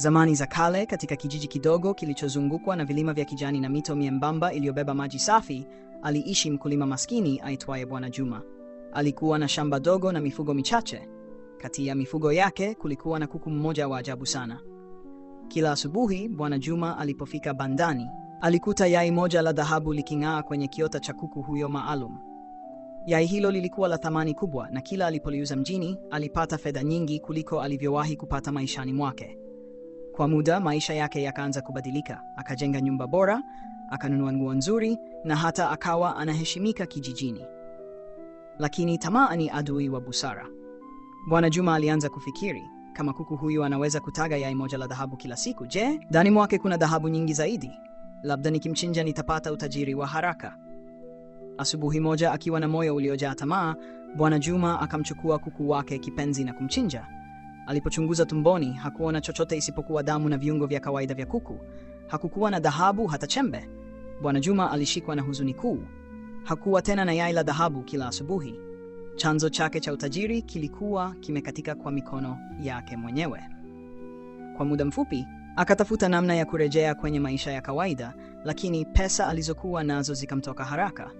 Zamani za kale, katika kijiji kidogo kilichozungukwa na vilima vya kijani na mito miembamba iliyobeba maji safi, aliishi mkulima maskini aitwaye Bwana Juma. Alikuwa na shamba dogo na mifugo michache. Kati ya mifugo yake kulikuwa na kuku mmoja wa ajabu sana. Kila asubuhi Bwana Juma alipofika bandani, alikuta yai moja la dhahabu liking'aa kwenye kiota cha kuku huyo maalum. Yai hilo lilikuwa la thamani kubwa na kila alipoliuza mjini alipata fedha nyingi kuliko alivyowahi kupata maishani mwake. Kwa muda maisha yake yakaanza kubadilika, akajenga nyumba bora, akanunua nguo nzuri na hata akawa anaheshimika kijijini. Lakini tamaa ni adui wa busara. Bwana Juma alianza kufikiri, kama kuku huyu anaweza kutaga yai moja la dhahabu kila siku, je, ndani mwake kuna dhahabu nyingi zaidi? Labda nikimchinja nitapata utajiri wa haraka. Asubuhi moja, akiwa na moyo uliojaa tamaa, Bwana Juma akamchukua kuku wake kipenzi na kumchinja. Alipochunguza tumboni, hakuona chochote isipokuwa damu na viungo vya kawaida vya kuku. Hakukuwa na dhahabu hata chembe. Bwana Juma alishikwa na huzuni kuu. Hakuwa tena na yai la dhahabu kila asubuhi. Chanzo chake cha utajiri kilikuwa kimekatika kwa mikono yake mwenyewe. Kwa muda mfupi akatafuta namna ya kurejea kwenye maisha ya kawaida, lakini pesa alizokuwa nazo zikamtoka haraka.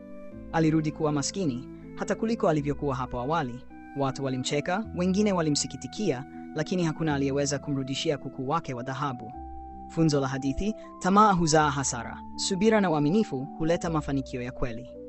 Alirudi kuwa maskini hata kuliko alivyokuwa hapo awali. Watu walimcheka, wengine walimsikitikia, lakini hakuna aliyeweza kumrudishia kuku wake wa dhahabu. Funzo la hadithi: tamaa huzaa hasara, subira na uaminifu huleta mafanikio ya kweli.